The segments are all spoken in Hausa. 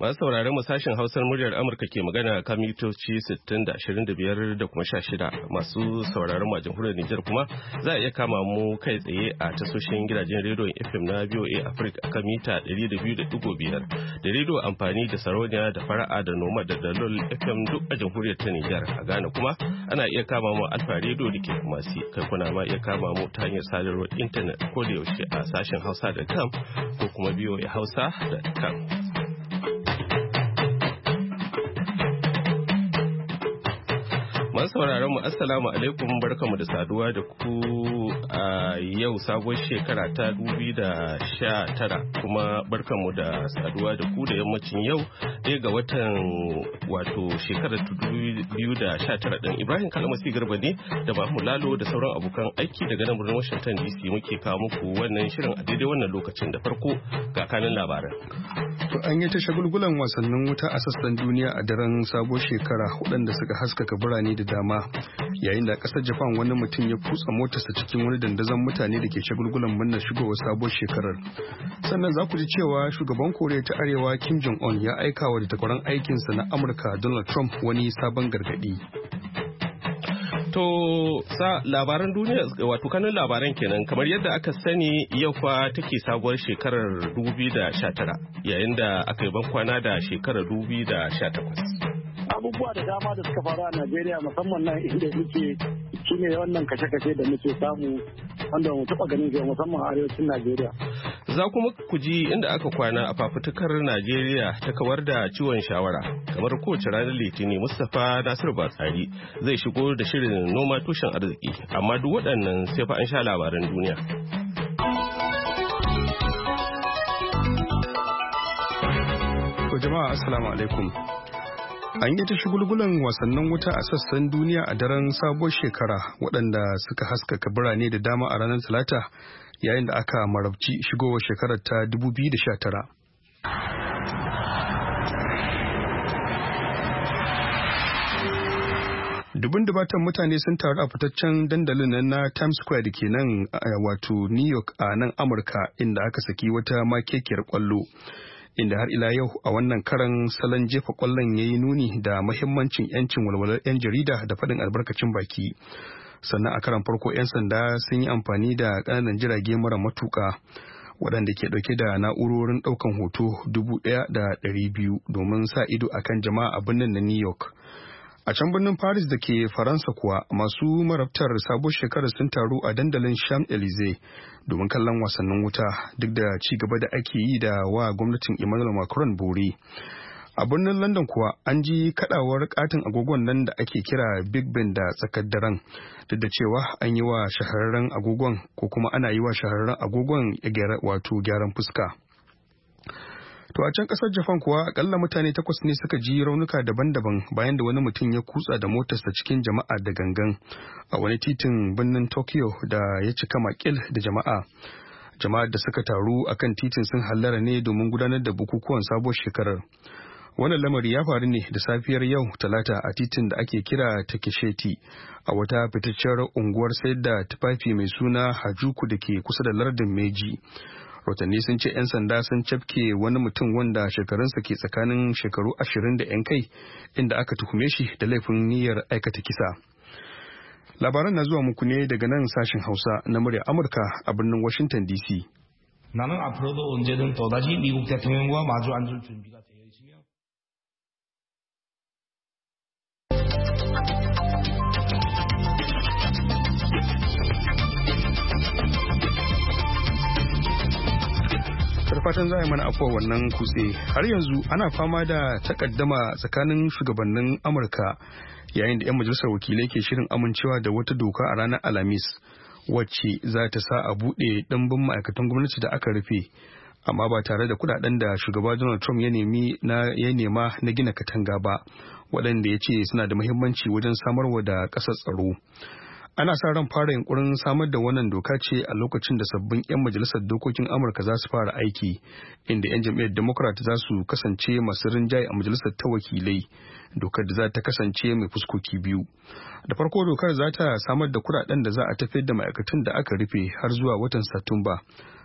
Masu saurare mu sashen Hausar muryar Amurka ke magana kan mitoci 60 da 25 da kuma 16 masu sauraron mu a jamhuriyar Nijar kuma za a iya kama mu kai tsaye a tasoshin gidajen rediyon FM na BOA Africa kan mita 200.5 da rediyo amfani da sarauniya da fara'a da noma da dalol FM duk a jamhuriyar ta Nijar a Ghana kuma ana iya kama mu alfa rediyo da ke masu ma iya kama mu ta hanyar sadarwar intanet ko da yaushe a sashen hausa da kam ko kuma da kam Masu sauraron mu assalamu alaikum barkamu da saduwa da ku a yau sabon shekara ta tara kuma barkamu da saduwa da ku da yammacin yau ɗaya ga watan wato shekarar 2019 din Ibrahim Kalmasi Garba ne da Mahmud Lalo da sauran abokan aiki daga nan birnin Washington DC muke kawo muku wannan shirin a daidai wannan lokacin da farko ga kanin labaran. To an yi ta shagulgulan wasannin wuta a sassan duniya a daren sabon shekara da suka haskaka birane da da dama yayin da kasar japan wani mutum ya kutsa motarsa cikin wani dandazon mutane da ke shagulgulan murnar shigowar sabuwar shekarar sannan za ku ji cewa shugaban koriya ta arewa kim jong un ya aika wa da aikin sa na amurka donald trump wani sabon gargadi To sa labaran duniya wato kanin labaran kenan kamar yadda aka sani yau fa take sabuwar shekarar 2019 yayin da aka yi bankwana da shekarar 2018. abubuwa da dama da suka faru a najeriya musamman nan inda muke shine wannan kashe-kashe da muke samu wanda mu taɓa ganin shi musamman a arewacin najeriya za kuma ku ji inda aka kwana a fafutukar najeriya ta kawar da ciwon shawara kamar kowace ranar litinin mustapha Nasiru batsari zai shigo da shirin noma tushen arziki amma duk waɗannan sai fa an sha labaran duniya jama'a assalamu alaikum An yi ta shigulgulan wasannin wuta a sassan duniya a daren sabuwar shekara waɗanda suka haskaka birane da dama a ranar Talata yayin da aka marabci shigowar shekarar ta 2019. Dubin dubatan mutane sun taru a fitaccen dandalin na Times Square da ke nan wato New York a nan Amurka inda aka saki wata makekiyar kwallo. inda har ila yau a wannan karan salon jefa kwallon ya yi nuni da mahimmancin 'yancin walwalar 'yan jarida da faɗin albarkacin baki sannan a karan farko 'yan sanda sun yi amfani da ƙananan jirage mara matuƙa waɗanda ke ɗauke da na'urorin ɗaukan hoto 1,200 domin sa ido akan jama'a a birnin na new york A can birnin Paris da ke Faransa kuwa masu marabtar sabon shekarar sun taru a dandalin Sham Elize domin kallon wasannin wuta duk da ci gaba da ake yi da wa gwamnatin Emmanuel Macron buri. A birnin London kuwa an ji kadawar katin agogon nan da ake kira Big Ben da tsakar daren duk da cewa an yi wa shahararren agogon ko kuma ana yi wa shahararren agogon wato gyaran fuska. To a can kasar Japan kuwa akalla mutane takwas ne suka ji raunuka daban-daban bayan da wani mutum ya kutsa da motarsa cikin jama'a da gangan a wani titin birnin Tokyo da ya cika makil da jama'a. Jama'ar da suka taru a kan titin sun hallara ne domin gudanar da bukukuwan sabuwar shekarar. Wannan lamari ya faru ne da safiyar yau talata a titin da ake kira Takesheti a wata fitacciyar unguwar sayar da tufafi mai suna Hajuku da ke kusa da lardin Meiji. rotanni sun ce 'yan sanda sun cafke wani mutum wanda shekarunsa ke tsakanin shekaru ashirin da 'yan kai inda aka tuhume shi da laifin niyyar aikata kisa labaran na zuwa muku ne daga nan sashen hausa na murya amurka a birnin washington dc fatan za a yi mana afuwa wannan kutse har yanzu ana fama da takaddama tsakanin shugabannin amurka yayin da 'yan majalisar wakilai ke shirin amincewa da wata doka a ranar alhamis wacce za ta sa a buɗe ɗimbin ma'aikatan gwamnati da aka rufe amma ba tare da kudaden da shugaba donald trump ya ya nema na gina katanga ba waɗanda ya ce suna da muhimmanci wajen samarwa da ƙasar tsaro ana sa ran fara yunkurin samar da wannan doka ce a lokacin da sabbin 'yan majalisar dokokin amurka za su fara aiki inda 'yan jam'iyyar democrat za su kasance masu rinjaye a majalisar ta wakilai dokar da za ta kasance mai fuskoki biyu da farko dokar za ta samar da kudaden da za a tafiyar da ma'aikatan da aka rufe har zuwa watan satumba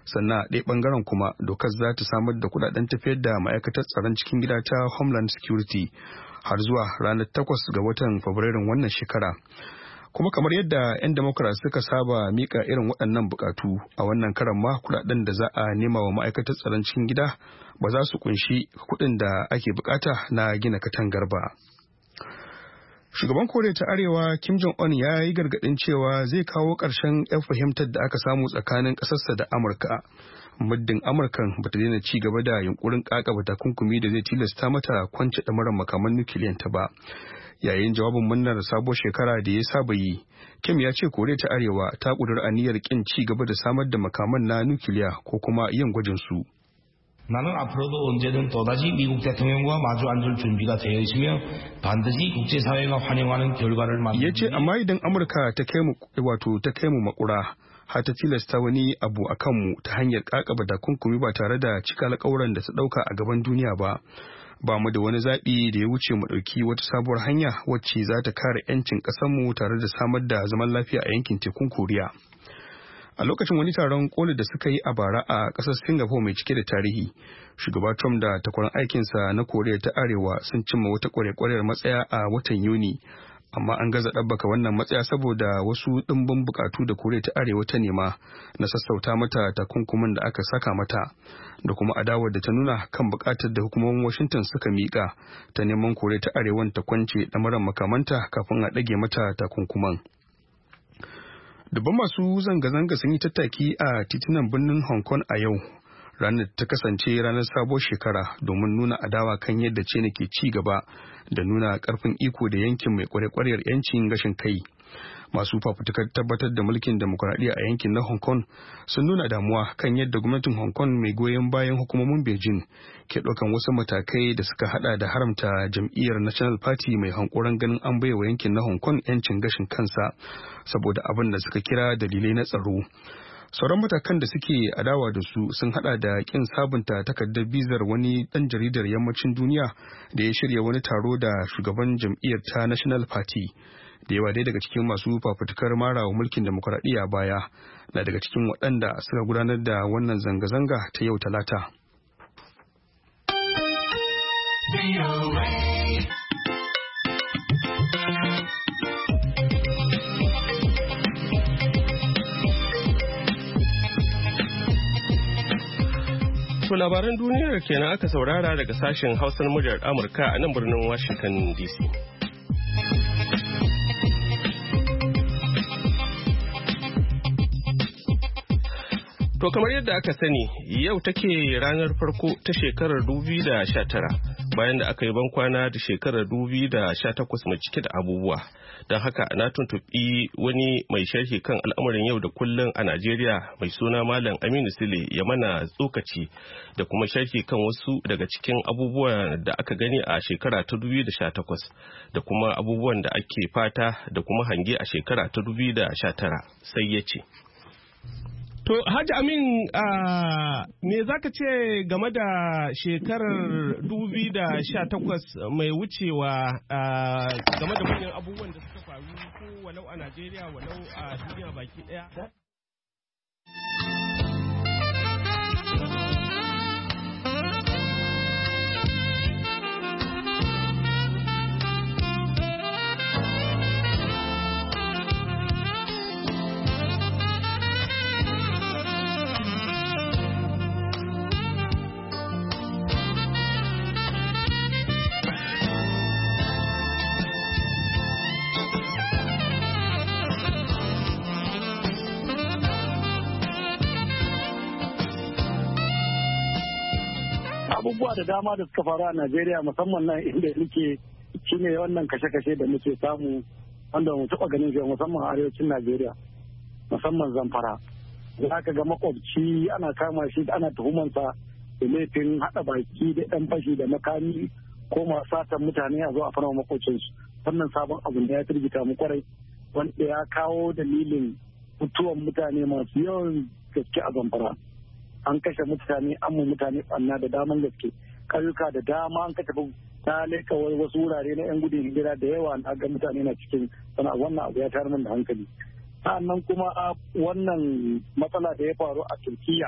sannan a ɗaya bangaren kuma dokar za ta samar da kudaden tafiyar da ma'aikatar tsaron cikin gida ta homeland security har zuwa ranar takwas ga watan fabrairun wannan shekara kuma kamar yadda 'yan democrat suka saba mika irin waɗannan bukatu a wannan karan ma kudaden da za a nema wa ma'aikatar tsaron cikin gida ba za su kunshi kuɗin da ake bukata na gina katangar ba shugaban koriya ta arewa kim jong un ya yi gargaɗin cewa zai kawo ƙarshen 'yan fahimtar da aka samu tsakanin ƙasarsa da amurka muddin amurkan bata daina ci gaba da yunkurin kaka takunkumi da zai tilasta mata kwance ɗamarar makaman nukiliyanta ba yayin jawabin murnar sabuwar shekara da ya saba yi kim ya ce kore ta arewa ta kudur aniyar kin ci gaba da samar da makaman na nukiliya ko kuma yin gwajin su 나는 앞으로도 언제든 또다시 미국 대통령과 마주 앉을 준비가 되어 있으며 반드시 국제사회가 환영하는 ce 만들 yace amma idan Amurka ta kai mu wato ta kai mu makura har ta tilasta wani abu a kanmu ta hanyar kakaba kunkumi ba tare da cika alkawuran da ta ɗauka a gaban duniya ba ba mu da wani zaɓi da ya wuce mu ɗauki wata sabuwar hanya wacce za ta kare 'yancin ƙasarmu tare da samar da zaman lafiya a yankin tekun koriya a lokacin wani taron koli da suka yi a bara a ƙasar singapore mai cike da tarihi shugaba trump da takwarar aikinsa na koriya ta arewa sun cimma wata kwarekwarar matsaya a watan yuni amma an gaza ɗabbaka wannan matsaya saboda wasu ɗimbin bukatu da kore ta arewa ta nema na sassauta mata takunkumin da aka saka mata da kuma adawar da ta nuna kan bukatar da hukumomin washington suka miƙa ta neman kore ta arewan ta kwance ɗamarar makamanta kafin a ɗage mata takunkuman dubban masu zanga-zanga sun yi tattaki a titunan birnin hong kong a yau ranar ta kasance ranar sabuwar shekara domin nuna adawa kan yadda china ke ci gaba da nuna karfin iko da yankin mai kwarekwariyar yancin gashin kai masu fafutukar tabbatar da mulkin demokuraɗiyya a yankin na hong kong sun nuna damuwa kan yadda gwamnatin hong kong mai goyon bayan hukumomin beijing ke ɗaukan wasu matakai da suka hada da haramta jam'iyyar national party mai hankuran ganin an baiwa yankin na hong kong yancin gashin kansa saboda abin da suka kira dalilai na tsaro sauran matakan da suke adawa da su sun hada da kin sabunta takardar bizar wani dan jaridar yammacin duniya da ya shirya wani taro da shugaban jam'iyyar ta national party da yawa dai daga cikin masu fafutukar mara wa mulkin demokuraɗiyya baya na daga cikin waɗanda suka gudanar da wannan zanga-zanga ta yau talata. To labaran duniyar kenan aka saurara daga sashen hausar muryar Amurka a nan birnin Washington DC. To kamar yadda aka sani yau take ranar farko ta shekarar 2019 bayan da aka yi bankwana da shekarar takwas mai cike da abubuwa don haka na tuntuɓi wani mai sharhi kan al'amarin yau da kullun a najeriya mai suna malam aminu sile ya mana tsokaci da kuma sharhi kan wasu daga cikin abubuwan da aka gani a shekara ta takwas da kuma abubuwan da ake fata da kuma hange a shekara ta tara sai ya ce To, Hajji Amin, me za ka ce game da shekarar 2018 mai wucewa game da manyan abubuwan da suka faru ko walau a Najeriya walau a duniya baki ɗaya? abubuwa da dama da suka faru a najeriya musamman nan inda nake shine wannan kashe-kashe da muke samu wanda mu taba ganin shi musamman arewacin najeriya musamman zamfara za ka ga makwabci ana kama shi ana tuhumansa da laifin haɗa baki da ɗan fashi da makami ko masu satan mutane a zo a fara su wannan sabon abu da ya firgita mu kwarai wanda ya kawo dalilin mutuwan mutane masu yawan gaske a zamfara an kashe mutane an mu mutane ɓanna da daman gaske kayuka da dama an kashe ta leka wasu wurare na 'yan gudun hijira da yawa na ga mutane na cikin sana'a wannan abu ya tayar min da hankali sa'annan kuma a wannan matsala da ya faru a turkiya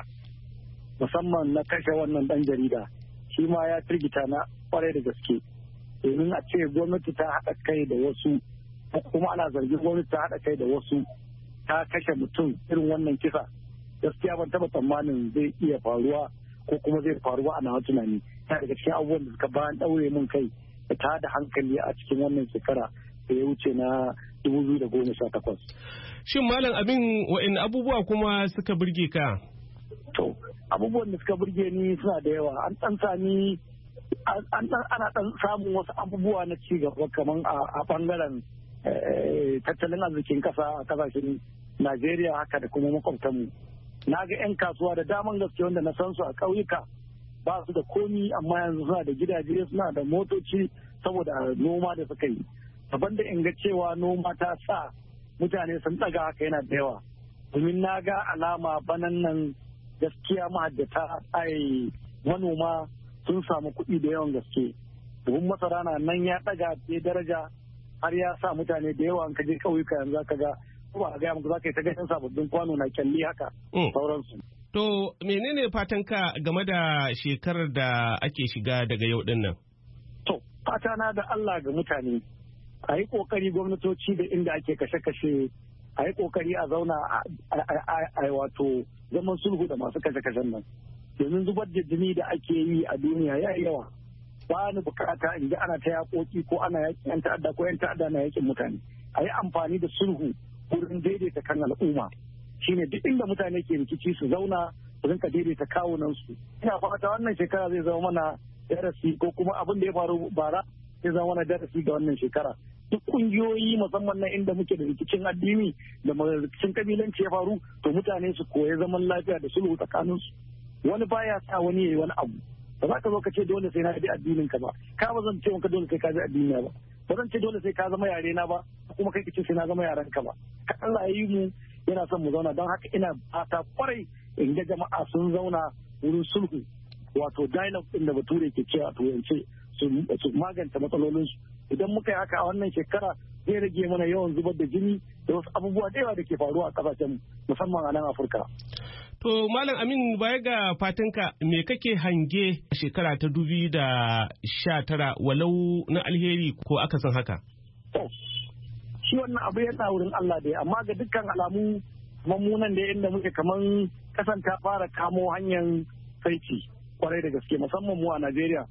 musamman na kashe wannan dan jarida shi ma ya firgita na kwarai da gaske domin a ce gwamnati ta haɗa kai da wasu kuma ana zargin gwamnati ta haɗa kai da wasu ta kashe mutum irin wannan kisa gaskiya ban taba tsammanin zai iya faruwa ko kuma zai faruwa a nawa tunani ta daga cikin abubuwan da suka bayan ɗaure min kai da ta da hankali a cikin wannan shekara da ya wuce na 2018. Shin malam abin wa'in abubuwa kuma suka burge ka? To, abubuwan da suka burge ni suna da yawa. An ɗan sami ana ɗan samun wasu abubuwa na ci gaba kamar a ɓangaren eh, tattalin arzikin ƙasa a ƙasashen Najeriya haka da kuma makwabtanmu. na ga 'yan kasuwa da daman gaske wanda na san su a ƙauyuka ba su da komi amma yanzu suna da gidaje suna da motoci saboda noma da suka yi daban da in ga cewa noma ta sa mutane sun ɗaga haka yana da yawa domin na ga alama banan nan gaskiya ta, ai manoma sun samu kuɗi da yawan gaske domin masara na nan ya ɗaga ya daraja har ya sa mutane da yawa ka kaje ƙauyuka yanzu ka ga ba a gaya za ka yi ta sababbin kwano na kyalli haka mm. sauransu. To menene fatan ka game da shekarar da ake shiga daga yau din nan? To fata na da Allah ga mutane a yi kokari gwamnatoci da inda ake kashe-kashe a yi kokari a zauna a wato zaman sulhu da masu kashe-kashen nan. Domin zubar da jini da ake yi a duniya ya yawa. Ba ni bukata in ana ta yaƙoƙi ko ana yaƙin 'yan ta'adda ko 'yan ta'adda na yaƙin mutane. A yi amfani da sulhu wurin daidaita kan al'umma shine duk inda mutane ke rikici su zauna su rinka daidaita kawunan su ina fata wannan shekara zai zama mana darasi ko kuma abin da ya faru bara zai zama mana darasi ga wannan shekara duk kungiyoyi musamman na inda muke da rikicin addini da rikicin kabilanci ya faru to mutane su koyi zaman lafiya da sulhu tsakanin su wani baya sa wani yayi wani abu ba za ka zo ka ce dole sai na bi addinin ka ba ka ba zan ce wanka dole sai ka bi addini ba ba zan ce dole sai ka zama yare na ba kuma kai ce sai na zama yaren ka ba Allah ya yi mu yana son mu zauna don haka ina fata kwarai in ga jama'a sun zauna wurin sulhu wato dialogue din da bature ke cewa a turance su magance su idan muka yi haka a wannan shekara zai rage mana yawan zubar da jini da wasu abubuwa da yawa da ke faruwa a kasashen musamman a nan afirka To Malam Amin baya ga fatanka me kake hange A shekara ta dubi da sha tara walau na alheri ko aka san haka? Shi wannan abu yana wurin Allah dai amma ga dukkan alamu mummunan da inda muke kamar kasan ta fara kamo hanyar saiki kwarai da gaske musamman mu a Najeriya.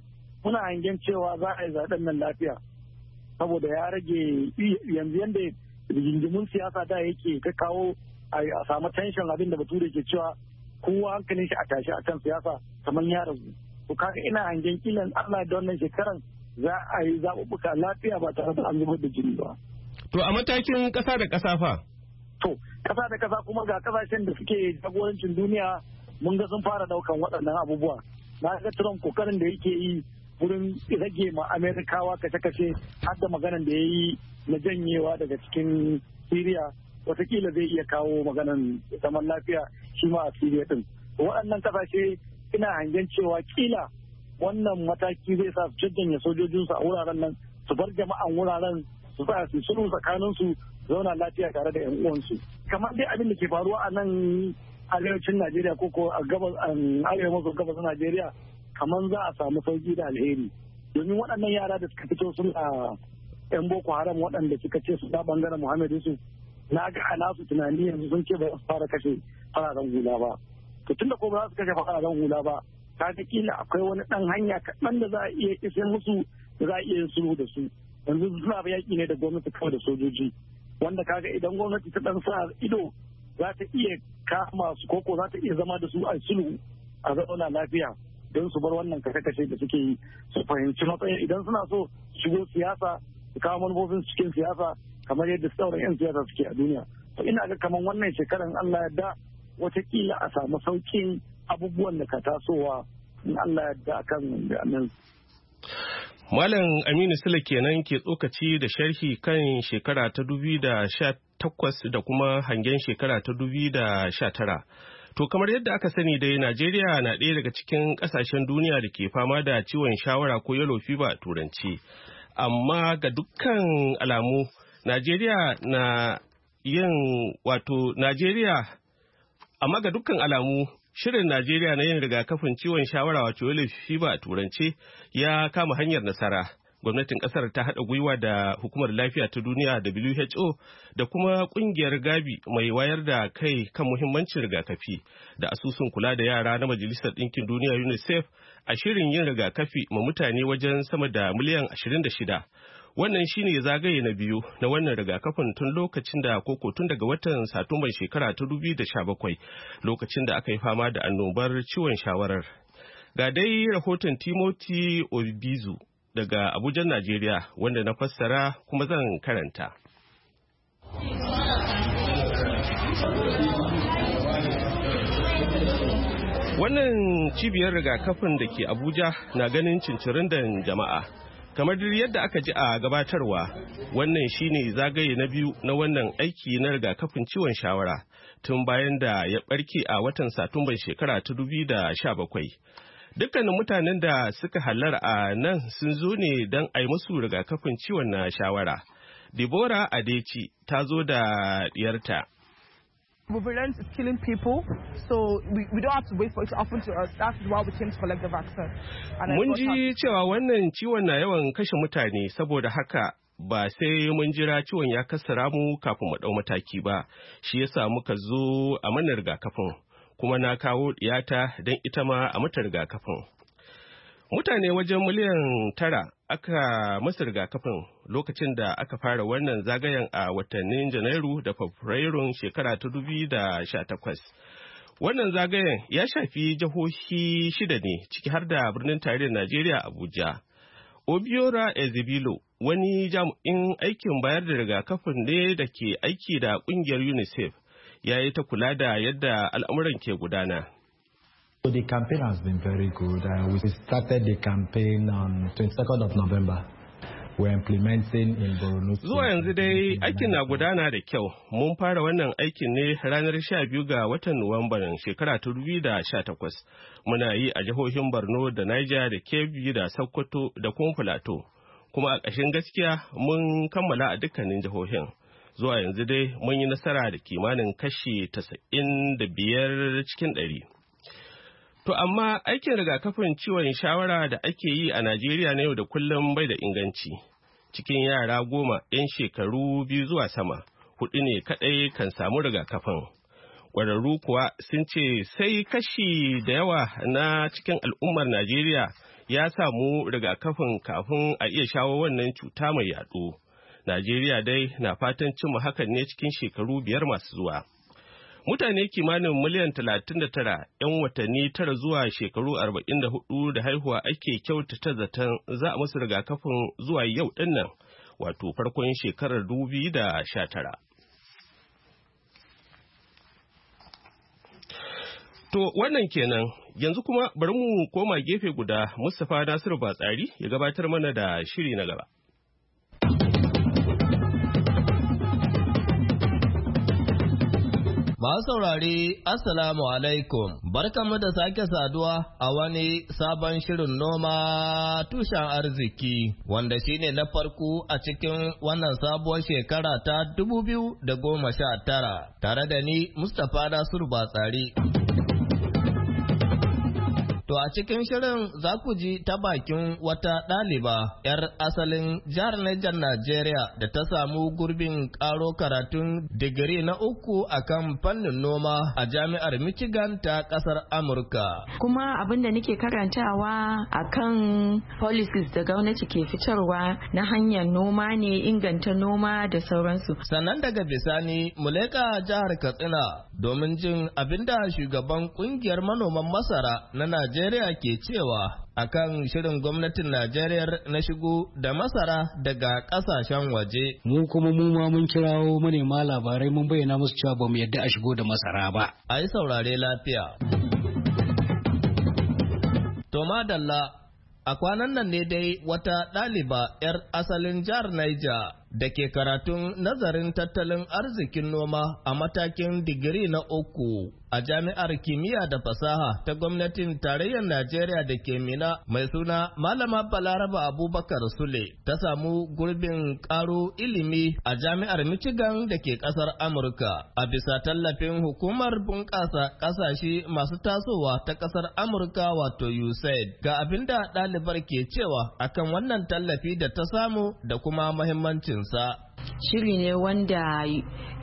Muna hangen cewa za a yi zaɓen nan lafiya saboda ya rage yanzu yadda rigingimun siyasa da yake ta kawo a samu tension abin da bature ke cewa kowa hankalin shi a tashi akan siyasa kamar ya ragu to kaga ina hangen kilan Allah da wannan shekaran za a yi zaɓuɓɓuka lafiya ba tare da an zubar da jini ba. To a matakin ƙasa da ƙasa fa? To ƙasa da ƙasa kuma ga ƙasashen da suke jagorancin duniya mun ga sun fara daukan waɗannan abubuwa. Na ga Trump kokarin da yake yi wurin rage ma Amerikawa kashe-kashe har da maganan da ya yi na janyewa daga cikin Syria watakila zai iya kawo maganan zaman lafiya shi ma a siriya din waɗannan kasashe ina hangen cewa kila wannan mataki zai sa su janye sojojinsu a wuraren nan su bar jama'an wuraren su sa su sulhu tsakanin su zauna lafiya tare da 'yan uwansu kamar dai abin da ke faruwa a nan arewacin najeriya ko ko a gabas arewa maso gabas najeriya kamar za a samu sauki da alheri domin waɗannan yara da suka fito a 'yan boko haram waɗanda suka ce su ta bangaren muhammad yusuf na ga alasu tunani yanzu sun ce ba su fara kashe fararen hula ba to tunda ko ba su kashe fararen hula ba ta ga kila akwai wani ɗan hanya kaɗan da za a iya isa musu da za a iya sulhu da su yanzu suna yaƙi ne da gwamnati kawai da sojoji wanda kaga idan gwamnati ta dan sa ido za ta iya kama su koko za ta iya zama da su a sulhu a zauna lafiya don su bar wannan kashe-kashe da suke yi su fahimci matsayin idan suna so shigo siyasa su kawo manufofin cikin siyasa kamar yadda sauran 'yan siyasa suke a duniya to ina ga kamar wannan shekaran Allah ya da watakila a samu saukin abubuwan da ka tasowa in Allah ya da akan nan Malam Aminu Sule kenan ke tsokaci da sharhi kan shekara ta takwas da kuma hangen shekara ta da tara. To kamar yadda aka sani dai Najeriya na ɗaya daga cikin ƙasashen duniya da ke fama da ciwon shawara ko yellow fever a turanci. Amma ga dukkan alamu Najeriya na yin wato Najeriya amma ga dukkan alamu shirin Najeriya na yin rigakafin ciwon shawara wato shi ba a turance ya kama hanyar nasara. Gwamnatin ƙasar ta haɗa gwiwa da hukumar lafiya ta duniya WHO da kuma ƙungiyar Gabi mai wayar da kai kan muhimmancin rigakafi da asusun kula da yara na Majalisar Ɗinkin Duniya UNICEF a shirin yin rigakafi ma mutane wajen sama da miliyan 26. wannan shine zagaye na biyu na wannan rigakafin tun lokacin da koko tun daga watan Satumbar shekara ta bakwai lokacin da aka yi fama da annobar ciwon shawarar ga dai rahoton timothy obizu daga abuja najeriya wanda na fassara kuma zan karanta wannan cibiyar rigakafin da ke abuja na ganin cincirin jama'a kamar duk yadda aka ji a gabatarwa wannan shine zagaye na biyu na wannan aiki na rigakafin ciwon shawara tun bayan da ya barke a watan satumban shekara ta da sha bakwai. dukkanin mutanen da suka halar a nan sun zo ne don a yi musu rigakafin ciwon na shawara dibora adeci ta zo da diyarta We've is it's killing people, so we, we don't have to wait for it to happen to us. That's why we came to collect the vaccine. Mun ji cewa wannan ciwon na yawan kashe mutane saboda haka ba sai mun jira ciwon ya kassara mu kafin mu ɗau mataki ba, shi yasa muka zo a mana rigakafin, kuma na kawo ɗiyata don ita ma a mata rigakafin. Mutane wajen miliyan tara aka masa rigakafin lokacin da aka fara wannan zagayen a watannin janairu da fabrairun shekara ta da takwas. wannan zagayen ya shafi jihohi shida ne ciki har da birnin tarihin najeriya abuja obiora ezebilo wani jami'in aikin bayar da rigakafin ne da ke aiki da kungiyar unicef ya yi ta kula da yadda al'amuran ke gudana So the campaign has been very good. Uh, we started the campaign on 22nd of November. Zuwa yanzu dai aikin na gudana da kyau. Mun fara wannan aikin ne ranar 12 ga watan nuwambar shekara 2018. Muna yi a jihohin Borno da Niger da Kebbi da Sokoto da kuma Filato. Kuma a ƙashin gaskiya mun kammala a dukkanin jihohin. Zuwa yanzu dai mun yi nasara da kimanin kashi 95 cikin ɗari. To amma aikin rigakafin ciwon shawara da ake yi a Najeriya na yau da kullum bai da inganci. cikin yara goma 'yan shekaru biyu zuwa sama hudu ne kaɗai kan samu rigakafin ƙwararru kuwa sun ce sai kashi da yawa na cikin al'ummar najeriya ya samu rigakafin kafin a iya shawo wannan cuta mai yaɗo najeriya dai na fatan cimma hakan ne cikin shekaru biyar masu zuwa Mutane kimanin miliyan 39 'yan watanni tara zuwa shekaru 44 da haihuwa ake kyautata zaton za a musu rigakafin zuwa yau dinnan wato farkon shekarar 2019. To wannan kenan yanzu kuma bari mu koma gefe guda Mustapha Nasiru Batsari ya gabatar mana da shiri na gaba. Masu saurare, Assalamu alaikum, barkanmu da sake saduwa a wani sabon shirin noma tushen arziki, wanda shi ne na farko a cikin wannan sabuwar shekara ta 2019, tare da ni Mustapha Nasiru Batsari. To a cikin shirin za ku ji ta bakin wata ɗaliba 'yar asalin jihar Niger Najeriya da ta samu gurbin ƙaro karatun digiri na uku a kan fannin noma a jami'ar Michigan ta ƙasar Amurka. Kuma abin da nake karantawa a kan policies da gwamnati ke fitarwa na hanyar noma ne inganta noma da sauransu. Sannan daga bisani Muleka jihar Katsina domin jin abin da shugaban ƙungiyar manoman masara na Najeriya Najeriya ke cewa akan shirin gwamnatin Najeriya na shigo da masara daga kasashen waje. Mu kuma mu ma mun kirawo manema labarai mun bayyana musu cewa ba mu yadda a shigo da masara ba. A yi saurare lafiya. To madalla, a kwanan nan ne dai wata ɗaliba 'yar asalin jihar Niger da ke karatun nazarin tattalin arzikin noma a matakin digiri na uku a jami'ar kimiyya da fasaha ta gwamnatin tarayyar Najeriya da ke mina mai suna Malama Balaraba Abubakar Sule ta samu gurbin ƙaro ilimi a jami'ar Michigan da ke ƙasar Amurka a bisa tallafin hukumar bunƙasa ƙasashe masu tasowa ta ƙasar Amurka wato USAID ga abinda da ɗalibar ke cewa akan wannan tallafi da ta samu da kuma muhimmancin aikinsa shiri ne wanda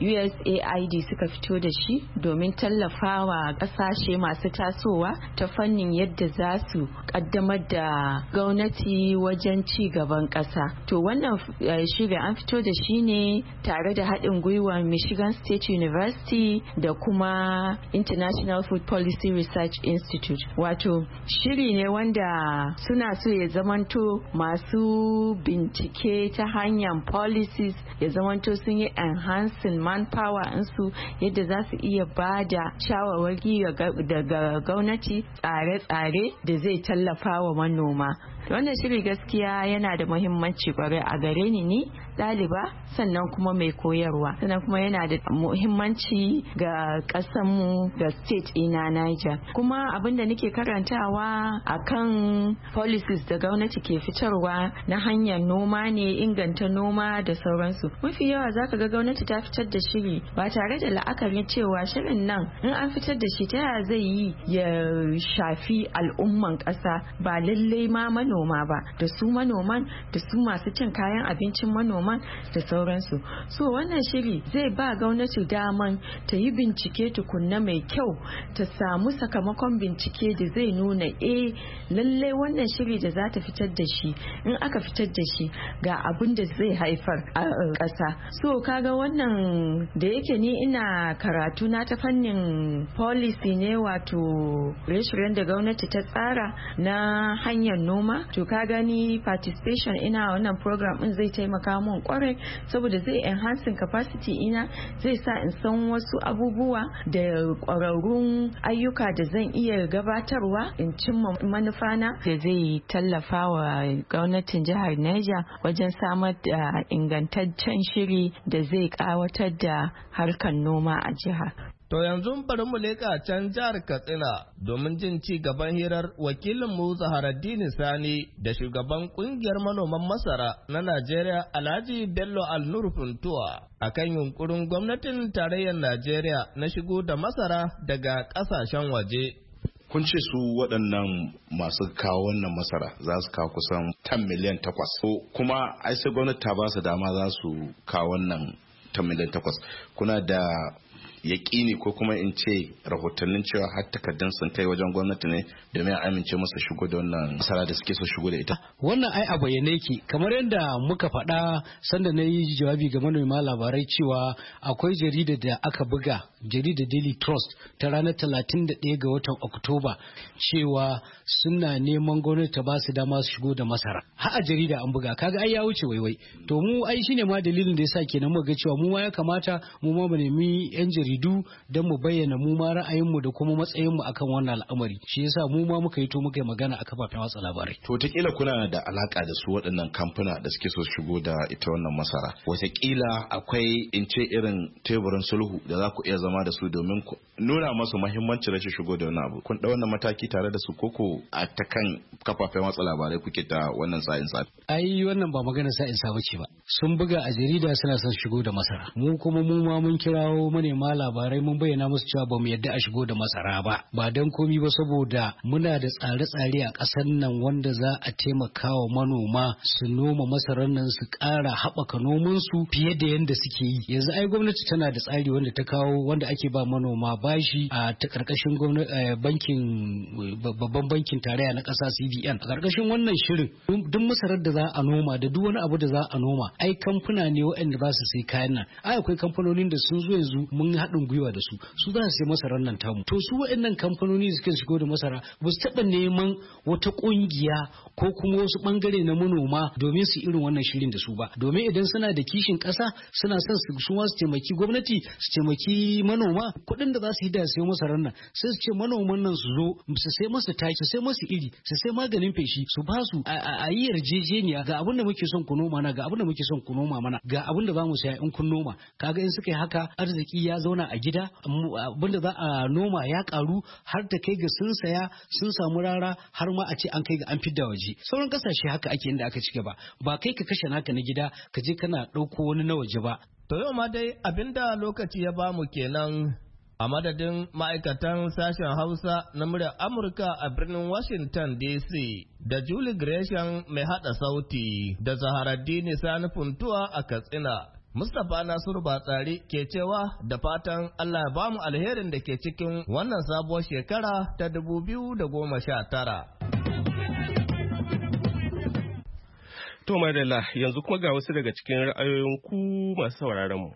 usaid suka fito da shi domin tallafawa kasashe masu tasowa ta fannin yadda za su kaddamar da gwamnati wajen ci gaban kasa to wannan eh, shiri an fito da shi ne tare da haɗin gwiwar michigan state university da kuma international food policy research institute wato shiri ne wanda suna so ya zamanto masu bincike ta hanyar policies ya zamanto sun yi enhancing manpower insu yadda za su iya ba da shawarwari daga gwamnati tsare-tsare da zai tallafa wa manoma wannan shiri gaskiya yana da muhimmanci kwarai a gare ni ni ɗaliba sannan kuma mai koyarwa sannan kuma yana da muhimmanci ga mu ga state ina Niger kuma abin da nake karantawa akan policies da gwamnati ke fitarwa na hanyar noma ne inganta noma da sauransu mafi yawa zaka ga gwamnati ta fitar da shiri ba tare da la'akarin cewa shirin nan in an fitar da shi ta yaya zai yi ya shafi al'umman ƙasa ba lallai ma manoma ba da su manoman da su masu cin kayan abincin manoma Oman da sauransu. So wannan shiri zai ba gwamnati daman ta yi bincike tukunna mai kyau ta samu sakamakon bincike da zai nuna e lallai wannan shiri da za ta fitar da shi in aka fitar da shi ga abin da zai haifar a ƙasa. So kaga wannan da yake ni ina karatu na ta fannin policy ne wato reshiren da gwamnati ta tsara na hanyar noma. To ka gani participation ina wannan program in zai taimaka mun kwarai saboda zai enhancing capacity ina zai sa in san wasu abubuwa da kwararrun ayyuka da zan iya gabatarwa in cimma manufana da zai tallafa wa gwamnatin jihar Neja wajen samar da ingantaccen shiri da zai kawatar da harkar noma a jihar. To yanzu bari mu leƙa can jihar Katsina domin jin ci gaban hirar Wakilin wakilinmu Zaharaddini Sani da shugaban ƙungiyar manoman masara na Najeriya Alhaji Bello Alnur Funtuwa akan yunkurin gwamnatin tarayyar Najeriya na shigo da masara daga ƙasashen waje. kun ce su waɗannan masu kawo wannan masara za su kawo kusan 10 miliyan takwas kuma ai sai gwamnati ta ba su dama za su kawo wannan 10 miliyan takwas kuna da yaƙini ko kuma in ce rahotannin cewa har takardun sun kai wajen gwamnati ne domin a amince masa shigo da wannan masara da suke so shigo da ita. Wannan ai a bayyane yake kamar yadda muka faɗa sanda na yi jawabi ga manoma labarai cewa akwai jarida da aka buga jarida Daily Trust ta ranar talatin da ɗaya ga watan Oktoba cewa suna neman gwamnati ta ba su dama su shigo da masara. Har a jarida an buga kaga ai ya wuce waiwai to mu ai shine ma dalilin da ya yasa kenan muka ga cewa mu ma ya kamata mu ma mu nemi yan jarida jaridu don mu bayyana mu ma mu da kuma matsayin mu akan wannan al'amari shi yasa mu ma muka yi to muka yi magana a kafafen watsa labarai to wataƙila kuna da alaka da su waɗannan kamfuna da suke so shigo da ita wannan masara wataƙila akwai in ce irin teburin sulhu da za ku iya zama da su domin ku nuna masu mahimmancin rashin shigo da wani abu kun ɗau wannan mataki tare da su koko a ta kan kafafen watsa labarai kuke da wannan sa'in sa ai wannan ba magana sa'in sa bace ba sun buga a jarida suna son shigo da masara mu kuma mu ma mun kirawo manema labarai mun bayyana musu cewa ba mu yadda a shigo da masara ba ba dan komi ba saboda muna da tsare-tsare a ƙasar nan wanda za a taimaka wa manoma su noma masarar nan su ƙara haɓaka noman su fiye da yadda suke yi yanzu ai gwamnati tana da tsari wanda ta kawo wanda ake ba manoma bashi a ta ƙarƙashin eh, bankin babban bankin tarayya na ƙasa CBN a ƙarƙashin wannan shirin duk masarar da za a noma da duk wani abu da za a noma ai kamfuna ne waɗanda ba su sai kayan nan ai akwai kamfanonin da sun zo yanzu mun haɗin gwiwa da su su za su sai masarar nan tamu to su waɗannan kamfanoni da suke shigo da masara ba su taɓa neman wata ƙungiya ko kuma wasu bangare na manoma domin su irin wannan shirin da su ba domin idan suna da kishin ƙasa suna son su su su taimaki gwamnati su taimaki manoma kuɗin da za su yi da sai masarar nan sai su ce manoman nan su zo su sai masu taki su sai masu iri su sai maganin feshi su ba su a yi yarjejeniya ga abin da muke son ku noma na ga abin da muke son ku noma mana ga abin da za mu saya in kun noma kaga in suka yi haka arziki ya zauna a gida abin da za a noma ya karu har da kai ga sun saya sun samu rara har ma a ce an kai ga an fidda waje sauran kasashe haka ake inda aka ci gaba ba kai ka kashe naka na gida ka je kana ɗauko wani na waje ba to yau ma dai abinda lokaci ya bamu kenan a madadin ma'aikatan sashen Hausa na muryar Amurka a birnin Washington DC da Julie Gresham mai hada sauti da Zaharaddini Sani Funtuwa a Katsina. Mustapha Nasiru Batsari ke cewa da fatan Allah ya bamu alherin da ke cikin wannan sabuwar shekara ta 2019. To madalla yanzu kuma ga wasu daga cikin ra'ayoyin ku masu sauraron mu.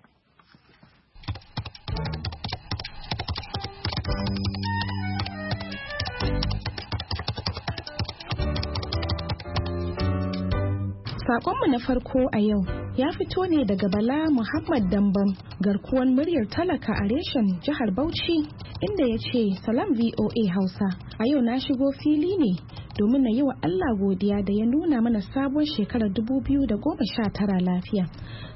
Sakonmu na farko a yau ya fito ne daga Bala Muhammad Dambam garkuwan muryar talaka a reshen jihar Bauchi inda ya ce Salam VOA Hausa a yau na shigo fili ne domin na yi wa Allah godiya da ya nuna mana sabon shekarar 2019 lafiya.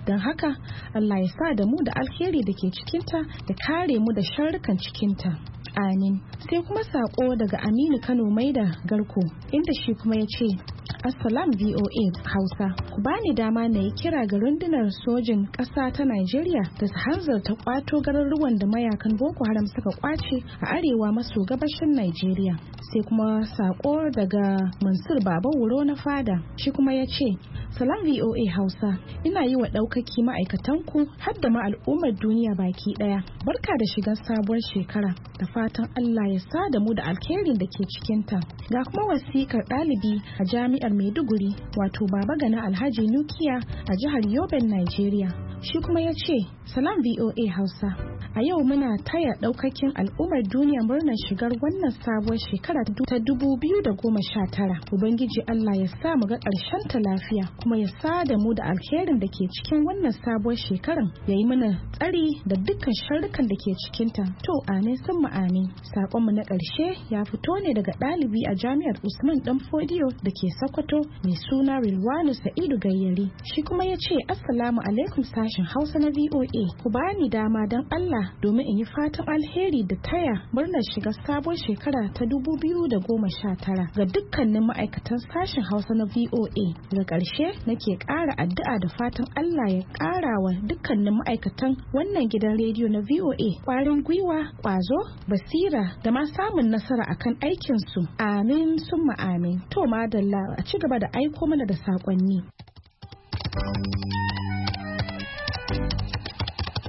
Don haka Allah ya sa da mu da alheri da ke cikinta da kare mu da sharrukan cikinta. Amin. Sai kuma saƙo daga Aminu Kano Maida Garko inda shi kuma ya ce, Assalam VOA Hausa. Ku bani dama na yi kira ga rundunar sojin ƙasa ta Najeriya da su hanzarta ƙwato garuruwan da mayakan Boko Haram suka kwace a arewa maso gabashin Najeriya. Sai kuma saƙo daga Mansur Baba Wuro na fada. Shi kuma ya ce, Salam VOA Hausa, ina yi wa ɗaukaki ma'aikatanku har da ma al'ummar duniya baki ɗaya. Barka da shigar sabuwar shekara da fatan Allah ya sa da mu da alkhairin da ke cikinta. Ga kuma wasikar ɗalibi a jami'a jami'ar maiduguri wato baba gana alhaji nukiya a jihar yoben Najeriya. shi kuma ya ce salam voa hausa a yau muna taya daukakin al'ummar duniya murnar shigar wannan sabuwar shekara ta dubu biyu da goma sha tara ubangiji allah ya sa mu ga ƙarshen ta lafiya kuma ya sa da mu da alherin da ke cikin wannan sabuwar shekarar ya yi mana tsari da dukkan sharrukan da ke cikinta to ane sun ma'ani sakon saƙonmu na ƙarshe ya fito ne daga ɗalibi a jami'ar usman dan fodiyo da ke sokoto mai suna rilwanu sa'idu gayyari shi kuma ya ce assalamu alaikum sashi sashen Hausa na VOA. Ku bani dama don Allah domin in yi fatan alheri da taya murnar shiga sabon shekara ta 2019 ga dukkanin ma'aikatan sashen Hausa na VOA. Daga ƙarshe nake ƙara addu'a da fatan Allah ya ƙara wa dukkanin ma'aikatan wannan gidan rediyo na VOA ƙwarin gwiwa, ƙwazo, basira da ma samun nasara a kan aikinsu. Amin summa amin. To madalla a ci gaba da aiko mana da saƙonni.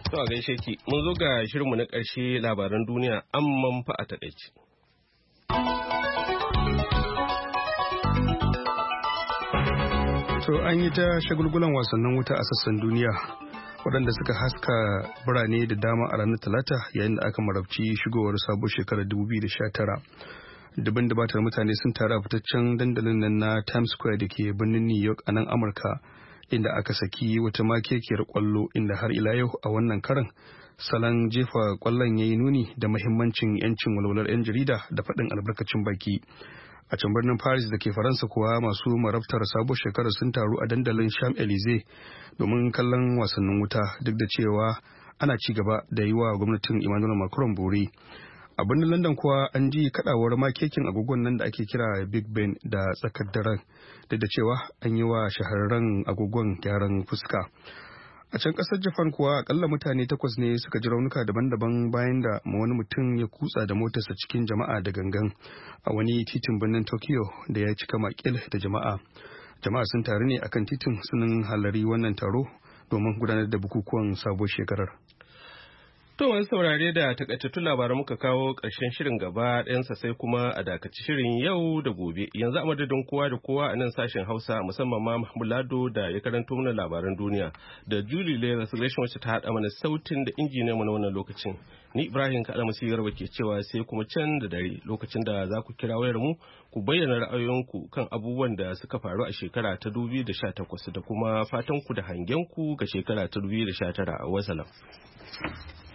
To gaishe ki mun zo ga shirinmu na ƙarshe labaran duniya amman fa a taƙaice. To an yi ta shagulgulan wasannin wuta a sassan duniya waɗanda suka haska birane da dama a ranar talata yayin da aka marabci shigowar sabon shekarar 2019. Dubin da batar mutane sun taru a fitaccen dandalin nan na Times Square da ke birnin New York a nan Amurka inda aka saki wata makekiyar kwallo inda har ila yau a wannan karan salon jefa kwallon ya yi nuni da mahimmancin 'yancin walwalar 'yan jarida da faɗin albarkacin baki a can birnin paris da ke faransa kuwa masu marabtar sabuwar shekarar sun taru a dandalin sham elize domin kallon wasannin wuta duk da cewa ana ci gaba da yi wa gwamnatin emmanuel macron bore a birnin london kuwa an ji kadawar makekin agogon nan da ake kira big ben da tsakar daren duk da cewa an yi wa shahararren agogon gyaran fuska a can kasar japan kuwa akalla mutane takwas ne suka ji raunuka daban-daban bayan da wani mutum ya kutsa da motarsa cikin jama'a da gangan a wani titin birnin tokyo da ya cika makil da jama'a jama'a sun taru ne akan titin sunan halari wannan taro domin gudanar da bukukuwan sabuwar shekarar To wani saurare da takaitattun labaran muka kawo ƙarshen shirin gaba ɗayansa sai kuma a dakaci shirin yau da gobe. Yanzu a madadin kowa da kowa a nan sashen Hausa musamman ma mulado da ya karanto mana labaran duniya da Julie Lewis Gresham wacce ta haɗa mana sautin da injiniya mana wannan lokacin. Ni Ibrahim Kaɗa Garba ke cewa sai kuma can da dare lokacin da za ku kira wayar mu ku bayyana ra'ayoyinku kan abubuwan da suka faru a shekara ta 2018 da kuma fatan ku da hangen ku ga shekara ta 2019 a wasalam.